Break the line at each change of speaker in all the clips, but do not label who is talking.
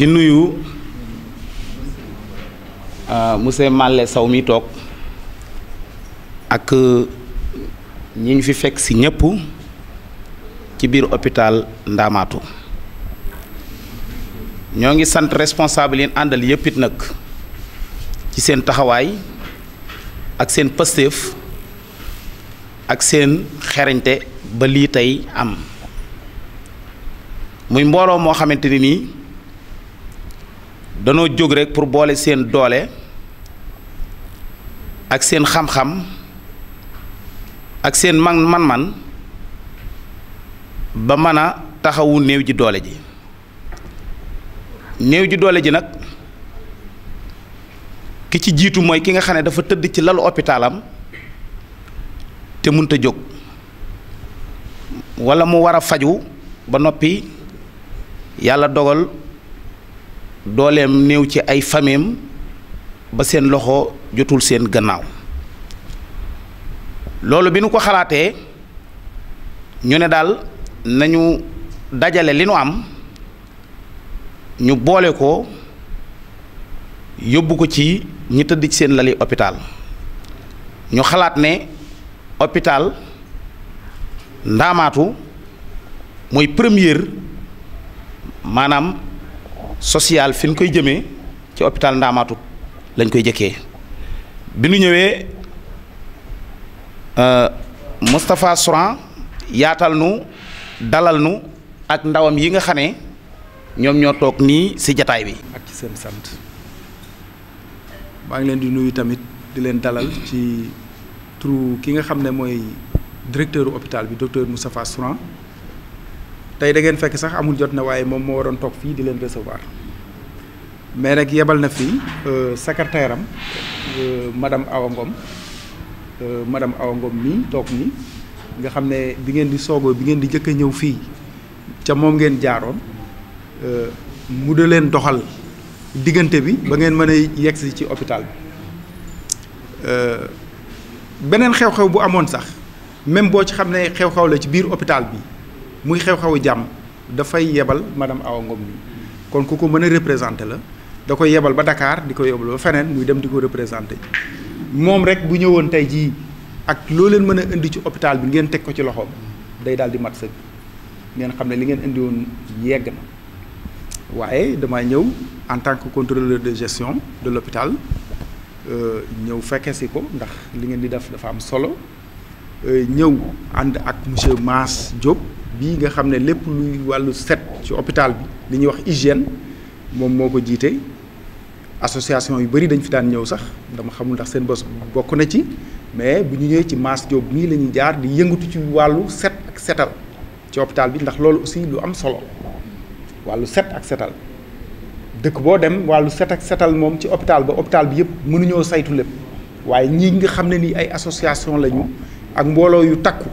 di nuyu euh, monsieur Malle Sow mi tok ak ñiñ fi fekk si ñepp ci biir hôpital ndamatu ñongi sante sant responsable yi andal yëpp nak ci seen taxaway ak seen pastef ak seen xerañte ba li tay am muy mboro mo xamanteni ni danoo jóg rek pour boole seen doole ak seen xam-xam ak seen man man-man ba mën a taxawu néew ji doole ji néew ji doole ji nag ki ci jiitu mooy ki nga xam ne dafa tëdd ci lalu hôpitalam te munta jóg wala mu war a faju ba noppi yàlla dogal dooleem néew ci ay fameem ba seen loxo jotul seen gannaaw loolu bi nu ko xalaatee ñu ne daal nañu dajale li nu am ñu boole ko yóbbu ko ci ñi tëdd ci seen lali hôpital ñu xalaat ne hôpital ndaamaatu mooy première maanaam Sosial fiñ koy jëmé ci hôpital Ndaamaatu lañ koy jëké bi ñëwé euh mustapha Souran yaatal nu dalal nu ak ndawam yi nga xam ñom ñoo tok ni ci jotaay bi. ak ci seen
sante ba ngi leen di nuyu tamit di leen dalal ci tru ki nga xamné moy directeur hôpital bi docteur mustapha Souran tay da ngeen fekk sax amul jotna waye mom mo waron tok fi di leen recevoir. mais rek yebal na fi euh, secrétaire am euh, madame Awa Ngom euh, madame Awa Ngom mii toog nii nga xam ne bi ngeen di soogoo bi ngeen di jëkk a ñëw fii ca moom ngeen jaaroon mu da leen doxal diggante bi ba ngeen mën a yegsi ci hôpital bi beneen xew-xew bu amoon sax même boo ci xam ne xew-xew la ci biir hôpital bi muy xew-xewu jàmm dafay yebal madame Awa Ngom mii kon ku ko mën a représenté la da ko yebal ba Dakar di ko yebal ba feneen muy dem di ko représenté moom rek bu ñëwoon tey jii ak loo leen mën a indi ci hôpital bi ngeen teg ko ci loxoom day daal di mat sëg ngeen xam ne li ngeen indi woon yegg na waaye damaa ñëw en tant que contrôleur de gestion de l'hôpital euh, ñëw fekke si ko ndax li ngeen di def dafa am solo euh, ñëw ànd ak monsieur Mass Diop bii nga xam ne lépp luy wàllu set ci hôpital bi li ñuy wax hygiène moom moo ko jiite association yu bari dañ fi daan ñëw sax dama xamul ndax seen bos bokk na ci mais bu ñu ñëwee ci Mass Diop nii la jaar di yëngatu ci wàllu set ak setal ci hôpital bi ndax loolu aussi lu am solo wàllu set ak setal dëkk boo dem wàllu set ak setal moom ci hôpital ba hôpital bi yëpp mënuñoo saytu lépp waaye ñii nga xam ne nii ay association lañu ak mbooloo yu takku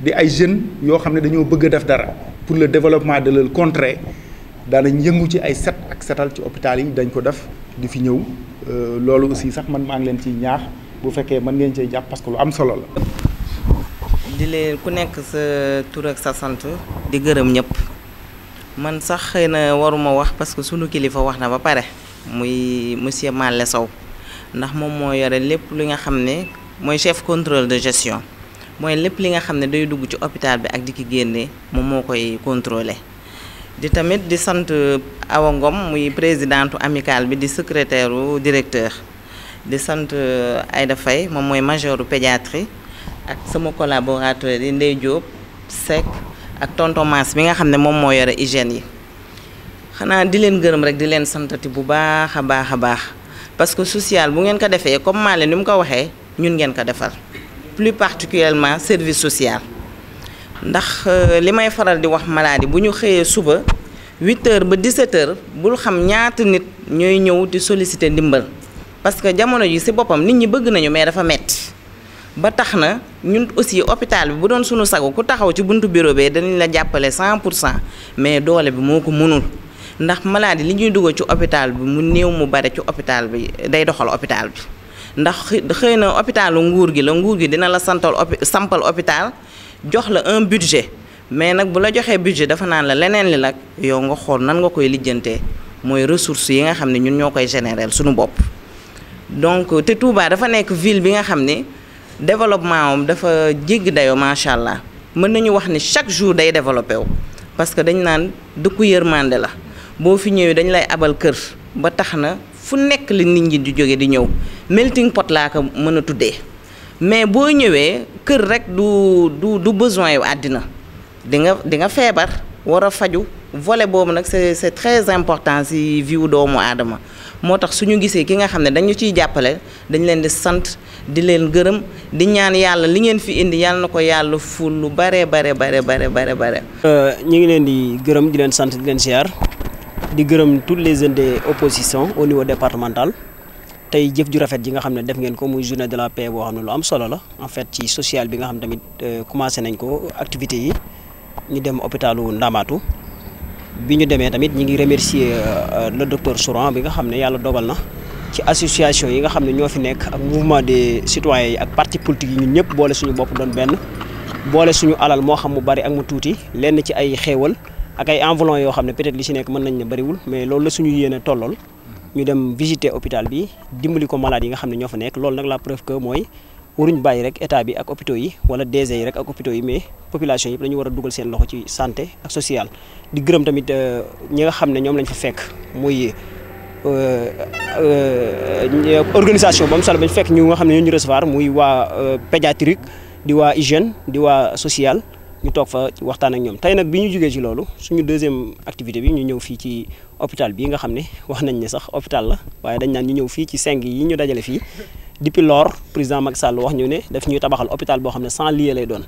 di ay jeunes yoo xam ne dañoo bëgg a def dara pour le développement de leur contrée daanañ yëngu ci ay set ak setal ci hôpital yi dañ ko def di fi ñew euh, lolu aussi sax man ma ngi len ci ñaax bu fekke man ngeen ci japp parce que lu am solo la.
di le ku nekk sa tour ak sa sante di ñep man sax xeyna waruma wax parce que sunu kilifa waxna na ba pare muy monsieur Malle Sow ndax mom mo yoré lepp li nga xamné moy chef contrôle de gestion moy lepp li nga xamné day dugg ci hôpital bi ak diki génné mom mo koy contrôler. Je tamit di sante euh, présidente amicale secrétaire ou directeur di suis euh, Aïda Faye mom moy pédiatrie ak sama collaborateur di Diop SEC, ak tonton bi nga hygiène yi xana di len rek parce que social bu ngeen ko comme je ko plus particulièrement service social ndax euh, li may faral di wax maladie bu ñu xëyee suba 8h ba 17 bul xam ñaata nit ñooy ñëw di solliciter ndimbal parce que jamono ji ci boppam nit ñi bëgg nañu mais dafa metti ba tax na ñun aussi hôpital bi bu doon sunu sago ku taxaw ci buntu bureau bee dañu la jàppale 100 pour cent mais doole bi moo ko mënul ndax maladie li ñuy dugal ci hôpital bi mu néew mu bare ci hôpital bi day doxal hôpital bi. ndax xëy na hôpitalu nguur gi la nguur gi dina la santal sampal hôpital jox la un budget mais nag bu la joxee budget dafa naan la leneen li nag yow nga xool nan nga koy lijjantee mooy ressources yi nga xam ne ñun ñoo koy générer suñu bopp donc te Touba dafa nekk ville bi nga xam ne développement am dafa jéggi dayoo macha allah mën nañu wax ni chaque jour day développé wu parce que dañ naan dëkku yërmande la boo fi ñëwee dañ lay abal kër ba tax na fu nekk la nit ñi di jóge di ñëw melting pot laa ko mën a tuddee mais boo ñëwee kër rek du du du besoin yu àddina di nga di nga feebar war a faju volet boobu nag c'est c'est très important si vie doomu aadama moo tax su ñu gisee ki nga xam ne dañu ciy jàppale dañ leen di sant di leen gërëm di ñaan yàlla li ngeen fi indi yàlla na ko yàlla ful lu bare bare bare bare bare bare
euh, ñu ngi leen di gërëm di leen sant di leen siyaar di gërëm tous les jeunes opposition au niveau départemental tey jëf ju rafet ji nga xam ne def ngeen ko muy journée de la paix boo xam ne lu am solo la en fait ci social bi nga xam tamit euh, commencé nañ ko activité yi ñu dem hôpitalu Ndamatou bi ñu demee tamit ñi ngi remercier euh, le docteur Souran bi nga xam ne yàlla na ci association yi nga xam ne ñoo mouvement des citoyens yi ak parti politique yi ñun ñëpp boole suñu bopp doon benn boole suñu alal moo xam mu bari ak mu tuuti lenn ci ay xéewal ak ay enveloppes yoo xam ne peut-être li ci nekk mën nañ ne bëriwul mais loolu la suñu yéene tollool ñu dem visiter hôpital bi dimbali ko malade yi nga xam ne ñoo fa nekk loolu nag la preuve que mooy waruñ bàyyi rek état bi ak hôpitaux yi wala DG yi rek ak hôpitaux yi mais population yëpp dañu war a dugal seen loxo ci santé ak sociale di gërëm tamit euh, ñi nga xam ne ñoom lañ fa fekk muy euh, euh, organisation ba mu solo bañ fekk ñu nga xam ne ñoo ñu recevoir muy waa pédiatrique di waa hygiène di waa sociale ñu toog fa waxtaan ak ñom tay nak biñu joggé ci lolu suñu deuxième activité bi ñu ñëw fi ci hôpital bi nga xamné wax nañ ni sax hôpital la waye dañ naan ñu ñëw fi ci 5 yi ñu dajalé fi depuis lors président Macky Sall wax ñu né daf ñuy tabaxal hôpital bo xamné sans lié lay doon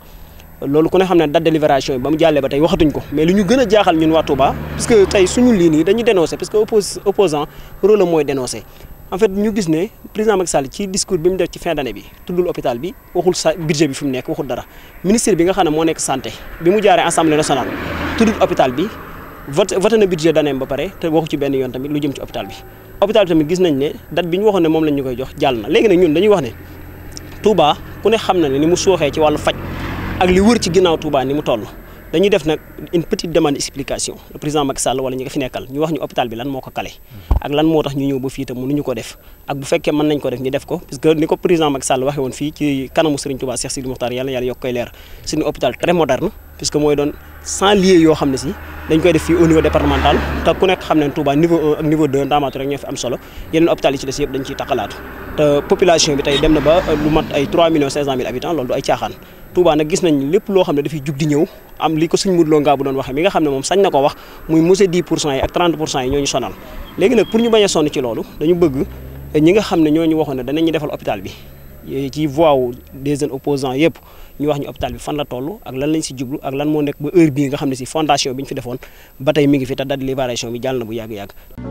lolu ku ne xamné date de libération yi ba mu jàllee ba tay waxatuñ ko mais lu ñu gën a jaaxal ñun wa Touba parce que tay suñu lii nii dañuy dénoncé parce que opposant rôle moy dénoncer en fait ñu gis ne président Macky Sall ci discours bi mu def ci fin d'année bi tuddul hôpital bi waxul sa budget bi fi mu nekk waxul dara ministre bi nga xam ne moo nekk santé bi mu jaaree assemblée nationale tuddul hôpital bi vote voté na budget d'année ba pare te waxu ci benn yoon tamit lu jëm ci hôpital bi. hôpital bi gis nañ ne date bi ñu waxoon ne moom lañ ñu koy jox jàll na léegi nag ñun dañuy wax ne Touba ku ne xam na ne ni mu sooxee ci wàllu faj ak li wër ci ginnaaw Touba ni mu toll. dañuy def nag une petite demande explication le président Macky Sall wala ñi nga fi nekkal ñu wax ñu hôpital bi lan moko calé ak lan motax ñu ñëw ba fii te ñu ko def ak bu fekkee mën nañ ko def ñu def ko parce que ni ko président Macky Sall waxe woon fii ci kanamu Serigne Touba Cheikh Sidou Moukhtar Yalla Yalla yok koy leer suñu hôpital très moderne parce que moy don lieux lier yo xamné si dañ koy def fi au niveau départemental ta ku nekk xamné Touba niveau 1 ak niveau 2 ndaamaatu rek ñoo fi am solo yeneen hôpital yi ci dess yépp dañ ci taxalaatu te population bi tay dem na ba lu mat ay 3 millions 500 mille habitants loolu du ay tiaxan Touba nag gis nañ lépp loo xam ne dafay jug di ñëw am li ko sëñ Modou Lo nga bu doon waxee mi nga xam ne moom sañ na ko wax muy musée 10 pour cent yi ak 30 pour cent yi ñoo ñu sonal léegi nag pour ñu bañ a sonn ci loolu dañu bëgg ñi nga xam ne ñoo ñu waxoon ne danañu defal hôpital bi ci voix wu des jeunes opposants yëpp ñu wax ñu hôpital bi fan la toll ak lan lañ si jublu ak lan moo nekk ba heure bii nga xam ne si fondation bi ñu fi defoon ba tey mi ngi fi te date bi jàll bu yàgg-yàgg